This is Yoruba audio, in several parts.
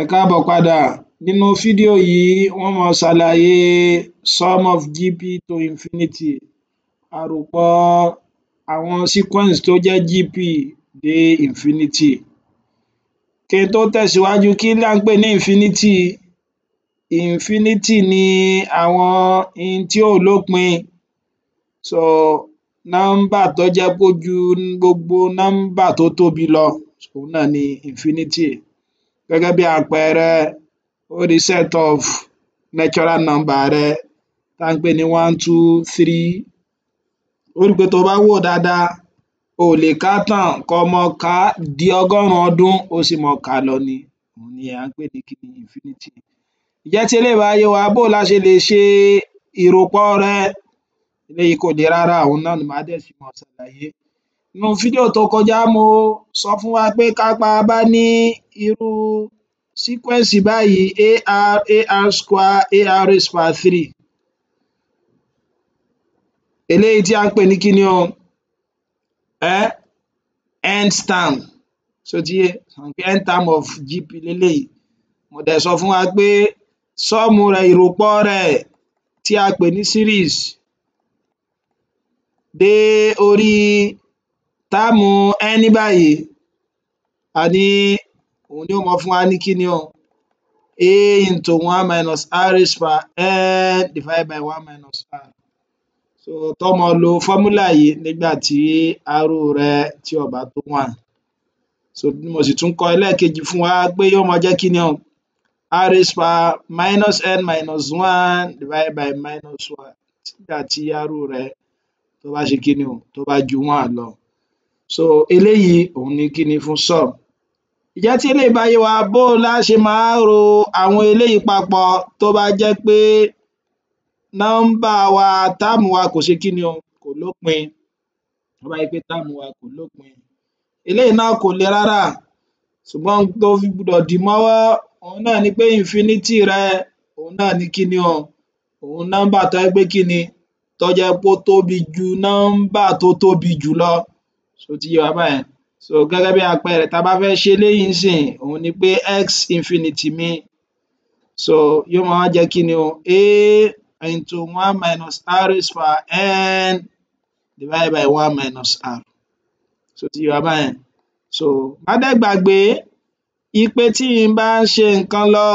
Ẹ káàbọ̀ padà, nínú fídíò yìí wọ́n máa ṣàlàyé sum of GP to infinity àròpọ̀ àwọn sequence tó jẹ́ GP dé infinity. Kí n tó tẹ̀síwájú, kí là ń pè ní infinity? Infinity ni àwọn n tí ò lópin so nọ́ḿbà tó jẹ́ pé ó ju gbogbo nọ́ḿbà tó tóbi lọ òhun náà ni infinity gẹ́gẹ́ bí àpẹẹrẹ ó di set of natural number rẹ tá ń pè ní one two three ó rí i pé tó bá wò dáadáa o ò lè kà á tán kó mọ kà á di ọgọ́rùn-ún ọdún ó sì mọ kà á lọ ni òhun ni à ń pè ní kíni infinity. Ǹjẹ́ tí eléyìí bá yé wa bó la ṣe lè ṣe ìròpọ̀ rẹ̀ eléyìí kò le rárá òhun náà ni màá dẹ̀ ṣì mọ ṣàlàyé. Nínú fídíò tó kọjá mo sọ fún wa pé tápá bá ní irú sequence báyìí AR AR square AR square three eléyìí tí à ń pè ní kíni o um end term ṣó ti end term of GP leléyìí mo dẹ̀ sọ fún wa pé sọ́ọ̀mù rẹ̀ ìròpọ̀ rẹ̀ tí a pè ní series dé orí Táàmù ‘any’ báyìí a ní òhun ni yó ma fún wa ní kíni o a into one minus r raised n divided by one minus r so tọ́ mọ lo fọ́múlà yìí nígbà tí r rẹ tí ò tó one so bí mo sì tún kọ ẹlẹ́ẹ̀kejì fún wa pé yó ma jẹ́ kíni o r raised minus n minus one divided by minus one nígbà tí r rẹ tó bá ṣe kíni o tó bá ju one lọ so eléyìí òun ni kíni fún sum ǹjẹ́ tí eléyìí bá yé wa bó o la ṣe máa ro àwọn eléyìí papọ̀ tó bá jẹ́ pé nọ́ḿbà wa táàmù wa kò ṣe kíni o kò lópin tó bá jẹ́ pé táàmù wa kò lópin eléyìí náà kò le rárá ṣùgbọ́n tó fi gbọdọ̀ dì mọ́wọ́ òun náà ni pé infinity rẹ òun náà ni kíni o òun nọ́ḿbà tó jẹ́ pé kíni tó pé ó tóbi ju nọ́ḿbà tó tóbi jù lọ So ti yé wa báyẹn so gẹ́gẹ́ bí àpẹẹrẹ tá a bá fẹ́ ṣe eléyìí nísìnyí òhun ni pé x infinity mi so yóò máa wá jẹ́ kí ni o a into one minus r raised power n divided by one minus r So ti yé wa báyẹn so má dẹ̀ gbàgbé ipe tí n bá ń ṣe nǹkan lọ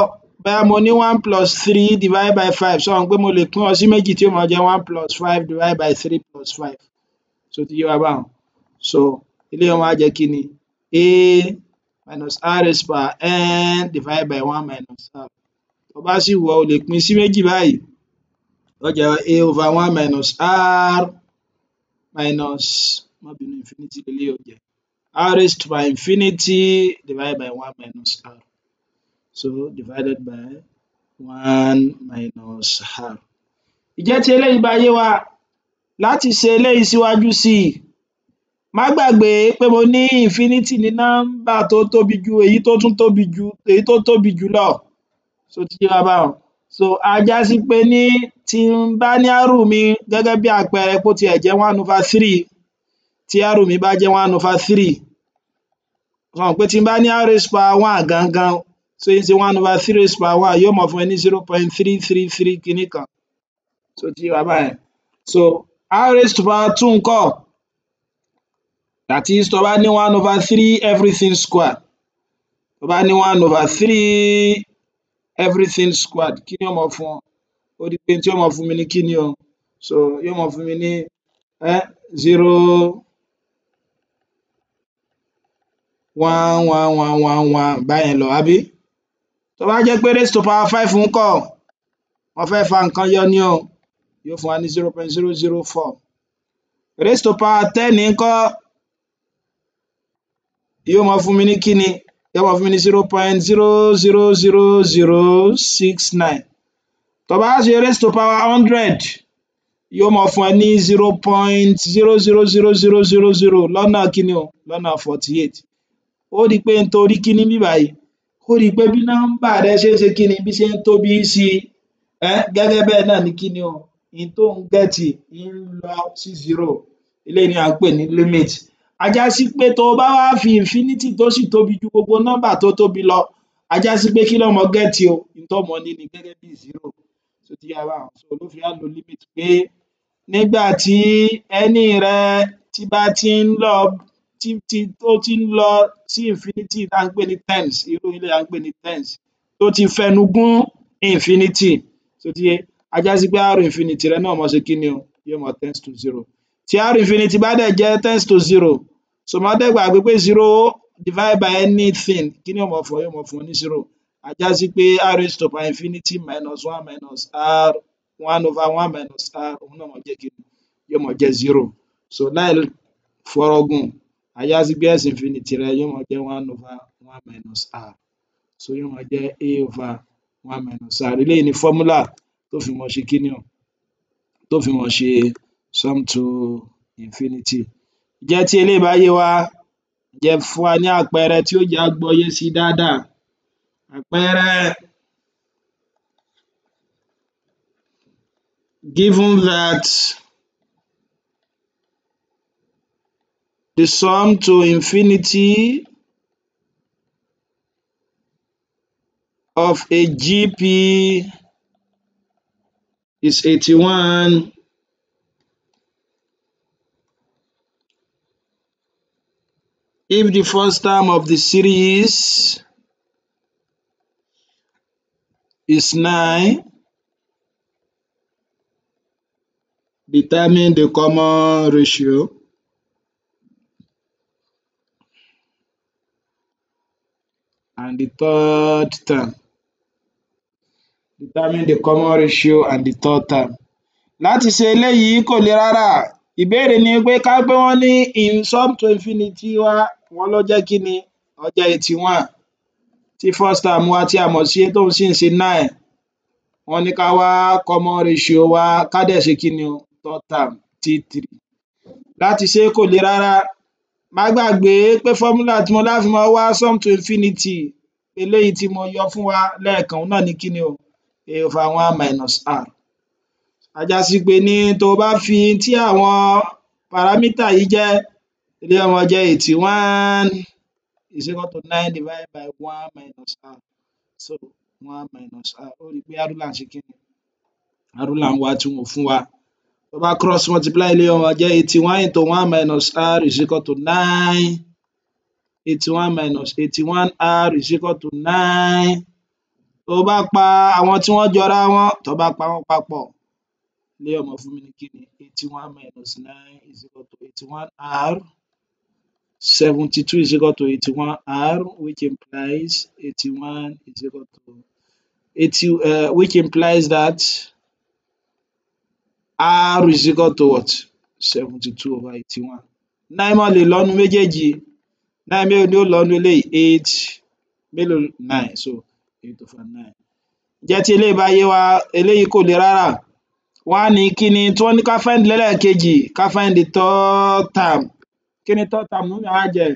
bóyá mo ní one plus three divided by five sọ wọn pé mo lè pín wọn sí méjì tí ó máa jẹ́ one plus five divided by three plus five So ti yé wa báwọn so eléyìí wọ́n á jẹ́ kí ni a minus r raised power n divided by one minus r tó bá sì wù ọ́ o lè pín sí méjì báyìí ó jẹ́ a over one minus r minus má bínú infinity lélẹ́yìí ó jẹ́ r raised to by infinity divided by one minus r so divided by one minus r. Ìjẹ́ tí eléyìí bá yé wa láti ṣe eléyìí síwájú sí i Má gbàgbé pé mo ní infinity ní nọ́mbà tó tóbi ju èyí tó tún tóbi ju èyí tó tóbi jù lọ. Ṣó ti yé wa So a já sí pé ní tí n bá ní r mi gẹ́gẹ́ bí àpẹẹrẹ bó tiẹ̀ jẹ́ one over three tí r mi bá jẹ́ one over three o mọ̀ pé tí n bá ní r raised power one gangan tí í ṣe one over three raised power one yóò máa fún mi ní zero point three three three kiní kan. Ṣó ti yé báyẹn? So r raised power two ńkọ́? that is tó bá ní one over three everything squared tó bá ní one over three everything squared kí ni ó mọ fún ọ ó di pé tí ó fún mi ní kí ni o so yóò mọ fún mi ní eh, zero one one one one one báyẹn lọ àbí tó bá jẹ́ pé raise to power five ń kọ́ wọ́n fẹ́ fa nǹkan yọ ni o yóò fún wa ní zero point zero zero four raise to power ten ń kọ́ yóò máa fún mi ní kíni yóò raise to power 100 yóò máa fún ẹ point lọ́nà o lọ́nà forty ó di i pé nítorí kíní bí báyìí ó rí pé bí nọ́mbà rẹ ṣe ń ṣe kíni bí ṣe ń tóbi sí i gẹ́gẹ́ bẹ́ẹ̀ náà ni kíni o tó ń gẹ̀tì lọ sí zero eléyìí ni ń limit a já sí pé tó o bá wá fi infinity tó sì tóbi ju gbogbo nọ́mbà tó tóbi lọ a já sí pé kí lọ́mọ gẹ́ẹ̀tì o ìtọ́mọ ní ni gẹ́gẹ́ bí zero tó ti yára hàn so ló fi á lo limit pé nígbà tí ẹni rẹ tí bá ti ń lọ tí tí tó ti ń lọ sí infinity tá à ń pè ní tens irú ilé à ń pè ní tens tó ti fẹnu gún infinity tó ti yé a já sí pé r infinity rẹ náà mọ ṣe kí ni o yóò mọ tens to zero tí r infinity bá dẹ̀ jẹ́ tens to zero so má dẹ̀ gbàgbé pé zero divide by anything kí ni yóò mọ fún wa yóò mọ fún ní zero á já pé r raised to power infinity minus one minus r one over one minus r òun náà mọ jẹ́ kí yóò mọ jẹ́ zero so láì fọrọgùn á já pé s infinity rẹ yóò mọ jẹ́ one over one minus r so yóò mọ jẹ́ a over one minus r eléyìí ni fọ́múlà tó fi mọ ṣe kí ni o tó fi mọ ṣe sum to infinity. jẹ́ tí wa jẹ́ fún wa ní àpẹẹrẹ tí ó jẹ́ sí dáadáa àpẹẹrẹ given that the sum to infinity of a GP is 81 if the first term of the series is 9, determine the common ratio. And the third term. Determine the common ratio and the third term. Láti ṣe eléyìí kò le rárá. Ìbéèrè ni pé ká pé wọ́n ní in sum to infinity wa wọn ló jẹ́ kí ni ọjọ́ eighty one tí first term wa tí a mọ̀ sí tóun sì ń ṣe nine wọ́n ní ká wá common ratio wa ká dẹ̀ ṣe kí ni third term t three láti ṣe kò le rárá má gbàgbé pé formula tí mo láfi mọ wá sum to infinity eléyìí tí mo yọ fún wa lẹ́ẹ̀kan òun náà ní kí ni o a over one minus r ajá sí pé ní tó o bá fi tí àwọn pàrámítà yìí jẹ́ eléyìí á máa jẹ́ eighty one is equal to nine divided by one minus r so one minus r ó rí pé arúlà ń ṣe kí ni arúlà ń wá tí wọn fún wa tó bá cross multiply eléyìí á jẹ́ eighty one into one minus r is equal to nine eighty one minus eighty one r is equal to nine tó bá pa àwọn tí wọ́n jọra wọn tó bá pa wọ́n papọ̀ eléyìí á fún mi ní kí ni eighty one minus nine is equal to eighty one r 72 is equal to 81 r which implies 81 is equal to 80 uh, which implies that r is equal to what 72 over 81 nine mọ́ lè lọ́nu méjèèjì nine mélòó ni ó lọ́nu eléyìí eight mélòó nine so eight over nine ǹjẹ́ tí eléyìí bá yé wa eléyìí kò le rárá wọ́n á ní kí ni tí wọ́n ní find lẹ́lẹ́ẹ̀kejì ká find the third term kíni third term náà á jẹ́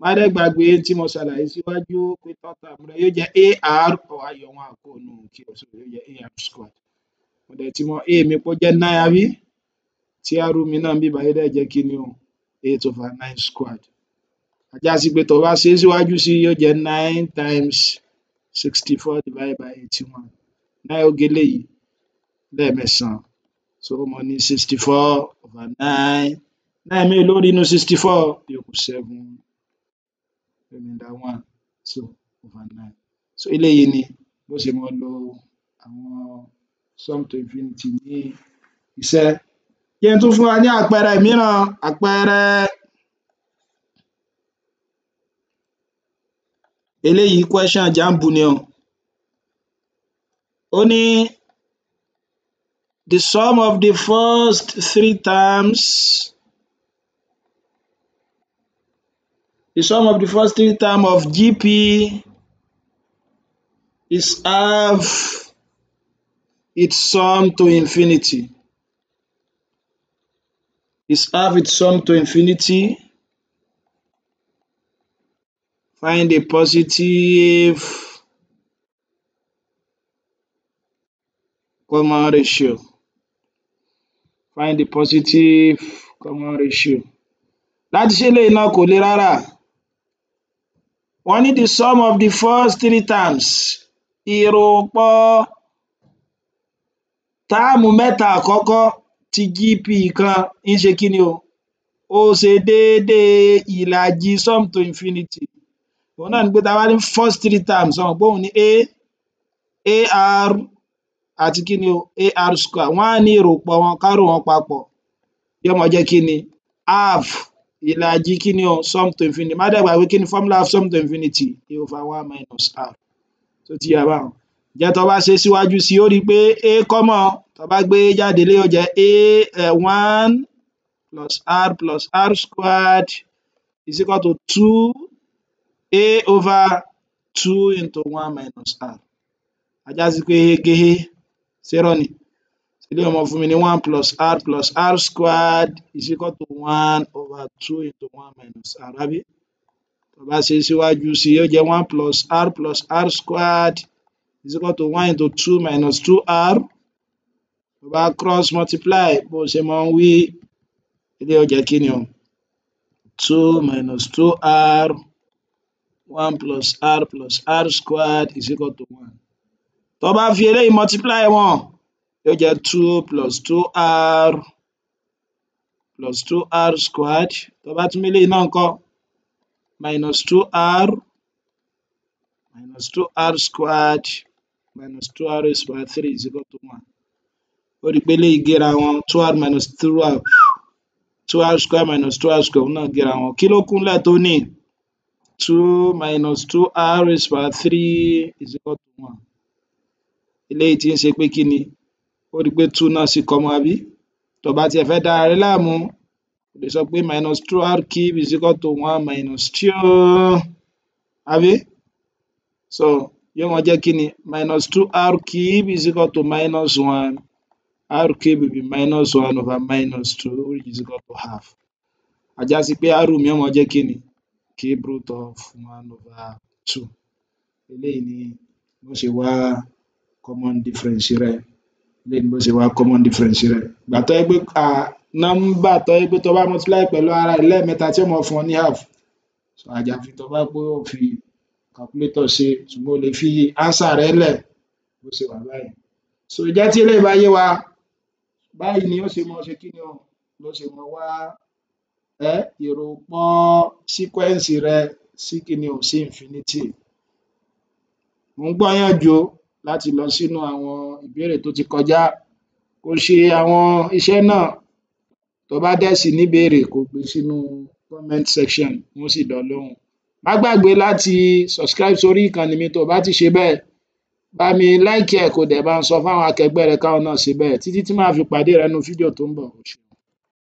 má dẹ̀ gbàgbé tí mo ṣàlàyé síwájú pé third term yóò jẹ́ ar ọ̀ ayọ̀ wọn àkóò nù kí o sọ yóò jẹ́ ar squad mo dẹ̀ ti mọ a mi pó jẹ́ nine àbí tí r mi náà bíbá yóò dẹ̀ jẹ́ kíni o eight over nine squad ajá sí pé tó bá ṣe síwájú sí yóò jẹ́ nine times sixty four divided by eighty one nine oge léyìí lẹ́ẹ̀mẹsàn-án so mo ní sixty four over nine lẹ́ẹ̀mélòó nínú sixty four yòókù seven remainder one so over nine so eléyìí ni bó ṣe mọ lo àwọn sum to infinity ní iṣẹ́ kí n tún fún wa ní àpẹẹrẹ mìíràn àpẹẹrẹ eléyìí question jambu ni o ó ní the sum of the first three terms The sum of the first three term of GP is half its sum to infinity. Is half its sum to infinity. Find a positive common ratio. Find the positive common ratio. Láti ṣe eléyìí náà kò le rárá wọ́n ní the sum of the first three terms ìròpọ̀ táàmù mẹ́ta àkọ́kọ́ ti GP kan ń ṣe kí ni o ó ṣe déédéé ìlàjì sum to infinity òun náà ni pé ta bá ní first three terms ọmọ pé òun ni a ar àti kí ni o ar square wọ́n á ní ìròpọ̀ wọn ká rò wọ́n papọ̀ yóò jẹ́ kí ni half ìlàjì kíni o sum to infinity má dẹ̀ gbàgbé kíni formula of sum to infinity a over one minus r tó ti yà báwọn jẹ́ tó bá ṣe síwájú sí ó rí i pé a kọ́mọ̀ tó bá gbé jáde lé ó jẹ́ a eh, one plus r plus r squared is equal to two a over two into one minus r ajá sí pé hegehe ṣerọ ni eléyìí ó máa fún mi ní one plus r plus r squared is equal to one over two into one minus r àbí tó bá ṣe síwájú sí i yóò jẹ́ one plus r plus r squared is equal to one into two minus two r tó bá cross multiply bó ṣe máa ń wí eléyìí ó jẹ́ o two minus two r one plus r plus r squared is equal to one tó bá fi eléyìí multiply wọn yóò jẹ́ two plus two r plus two r squared tó bá tún mú náà ńkọ́ minus two r minus two r squared minus two r raised by three is equal to one ó rí i pé eléyìí gé wọn two r minus two r two r squared minus two r squared òun náà gé ra wọn kí ló kúnlẹ̀ tó ní two minus two r raised by three is equal to one eléyìí tí ń ṣe pé kí ni ó ri pé two náà ṣì common àbí tó o bá tiẹ̀ fẹ́ dára rẹ láàmú o lè sọ pé minus two r cube is equal to one minus two àbí so yóò máa jẹ́ kí minus two r cube is equal to minus one r cube will be minus one over minus two which is equal to half àjá sí pé r mi yóò máa jẹ́ kí cube root of one over two eléyìí ni bó ṣe wá common difference rẹ̀ eléyìí ni bó ṣe wá common difference rẹ̀ ìgbà tó jẹ́ pé nọ́mbà tó jẹ́ pé tó bá multiply pẹ̀lú ara rẹ̀ lẹ́ẹ̀mẹ́ta tí ó mọ̀ fún ọ ní half so àjàfi tó bá pé ó fi calculator ṣe ṣùgbọ́n o lè fi answer rẹ̀ lẹ̀ bó ṣe wà báyìí so ìjẹ́ tí eléyìí bá yé wa báyìí ni ó ṣe mọ ṣe kí ni o ló ṣe mọ wá ẹ́ ìròpọ̀ síkwẹ́ǹsì rẹ sí kí ni o sí infinity mo ń gbọ́ yín o láti lọ sínú àwọn ìbéèrè tó ti kọjá kò ṣe àwọn iṣẹ́ náà tó bá dẹ̀ sì níbéèrè kó sínú comment section n ó sì dá lóhùn má gbàgbé láti subscribe sórí ìkànnì mi tó o bá ti ṣe bẹ́ẹ̀ bá mi like ẹ̀ kó dẹ̀ bá ń sọ fáwọn akẹgbẹ́ rẹ káwọn náà ṣe bẹ́ẹ̀ títí tí màá fi pàdé rẹ nínú fídíò tó ń bọ̀